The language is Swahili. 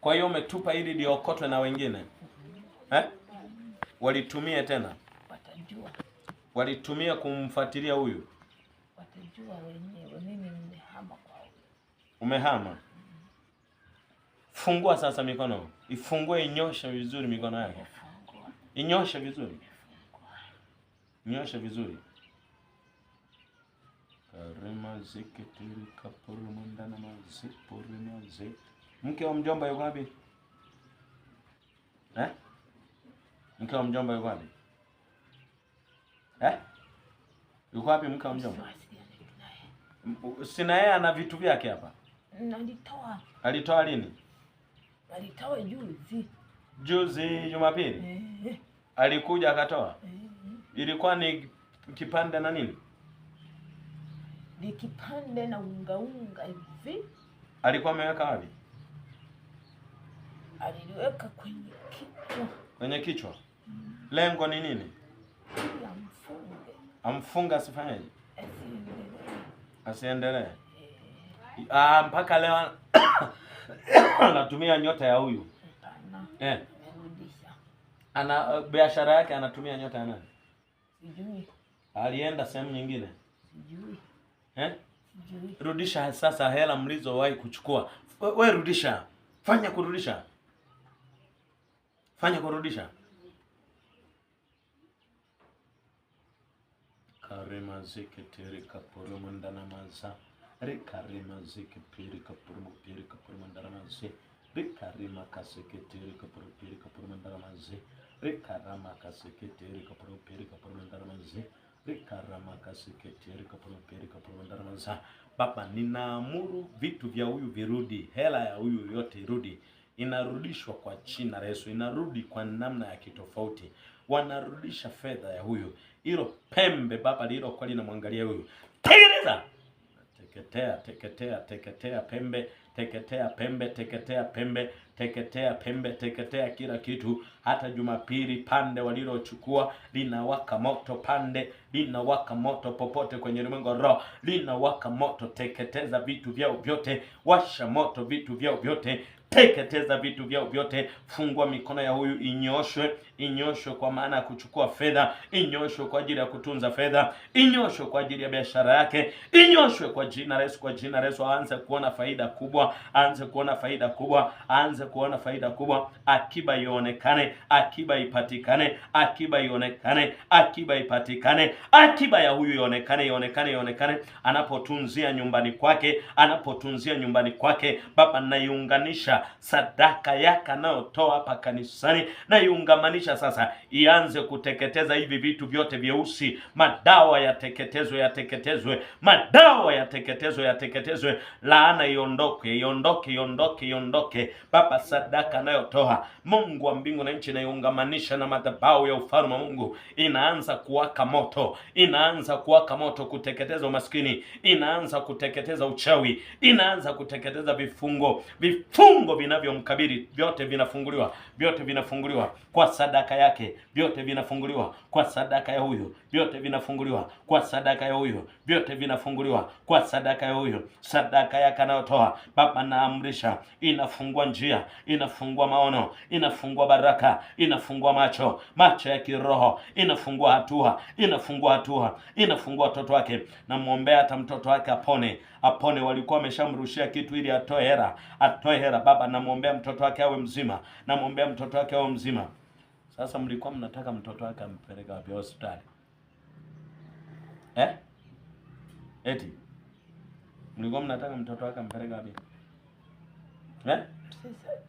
Kwa hiyo umetupa ili liokotwe na wengine mm -hmm. eh? Walitumie tena, watajua. walitumia kumfuatilia huyu. watajua wenyewe. Mimi nimehama kwa huyu. Umehama, mm -hmm. fungua sasa mikono, ifungue, inyoshe vizuri mikono yako, inyoshe vizuri, inyoshe vizuri karema ziketiri kapuru mundana mazipuri mazipuri Mke wa mjomba yuko wapi? Eh? Mke wa mjomba yuko wapi? Eh? Yuko wapi mke wa mjomba? Sina yeye ana vitu vyake hapa. Nalitoa. Alitoa lini? Alitoa juzi. Juzi Jumapili? Eh. Alikuja akatoa? Eh. Ilikuwa ni kipande na nini? Ni kipande na unga unga hivi. Alikuwa ameweka wapi? aliliweka kwenye kichwa, kwenye kichwa mm. Lengo ni nini? Amfunge, amfunga asifanyaje? Asiendelee e. Mpaka leo anatumia nyota ya huyu e. Ana eh, biashara yake anatumia nyota ya nani? Sijui. Alienda sehemu nyingine Sijui. Eh? Sijui. Rudisha sasa hela mlizowahi kuchukua. Wewe rudisha, fanya kurudisha Fanya kurudisha karema zike tere kapuru ndana maza re karema zike pere kaporomo pere kaporomo ndana maze re karema kaseke tere kaporomo pere kaporomo ndana maze re karama kaseke tere kaporomo pere kaporomo ndana maze re karama kaseke tere kaporomo pere kaporomo maza baba ninaamuru vitu vya huyu virudi hela ya huyu yote irudi inarudishwa kwa jina la Yesu, inarudi kwa namna ya kitofauti. Wanarudisha fedha ya huyu, hilo pembe Baba lililokuwa linamwangalia huyu, teketeza, teketea, teketea, teketea pembe teketea pembe, teketea pembe, teketea pembe, teketea kila kitu. Hata Jumapili pande walilochukua linawaka moto, pande linawaka moto popote kwenye ulimwengu roho linawaka moto. Teketeza vitu vyao vyote, washa moto vitu vyao vyote, teketeza vitu vyao vyote, fungua mikono ya huyu inyoshwe, inyoshwe kwa maana ya kuchukua fedha, inyoshwe kwa ajili ya kutunza fedha, inyoshwe kwa ajili ya biashara yake, inyoshwe kwa jina la Yesu, kwa jina la Yesu. Aanze kuona faida kubwa, aanze kuona faida kubwa, aanze kuona faida kubwa, akiba ionekane, akiba ipatikane, akiba ionekane, akiba ipatikane, akiba ya huyu ionekane, ionekane, ionekane, anapotunzia nyumbani kwake, anapotunzia nyumbani kwake. Baba, naiunganisha sadaka, yake anayotoa hapa kanisani na sasa, ianze kuteketeza hivi vitu vyote vyeusi. Madawa yateketezwe, yateketezwe, madawa yateketezwe, yateketezwe, laana iondoke, iondoke, iondoke, iondoke. Baba, sadaka anayotoa Mungu wa mbingu na nchi, naiungamanisha na madhabahu ya ufalme wa Mungu, inaanza kuwaka moto, inaanza kuwaka moto, kuteketeza umaskini, inaanza kuteketeza uchawi, inaanza kuteketeza vifungo, vifungo viungo vinavyomkabili vyote vinafunguliwa, vyote vinafunguliwa kwa sadaka yake, vyote vinafunguliwa kwa sadaka ya huyo, vyote vinafunguliwa kwa sadaka ya huyo, vyote vinafunguliwa kwa sadaka ya huyo. Sadaka yake anayotoa Baba, naamrisha inafungua njia, inafungua maono, inafungua baraka, inafungua macho, macho ya kiroho, inafungua hatua, inafungua hatua, inafungua watoto wake. Namwombea hata mtoto wake apone, apone. Walikuwa wameshamrushia kitu ili atoe hera, atoe hera Baba baba, namwombea mtoto wake awe mzima, namwombea mtoto wake awe mzima. Sasa mlikuwa mnataka mtoto wake ampeleke wapi? Hospitali eh? Eti mlikuwa mnataka mtoto wake ampeleke wapi eh?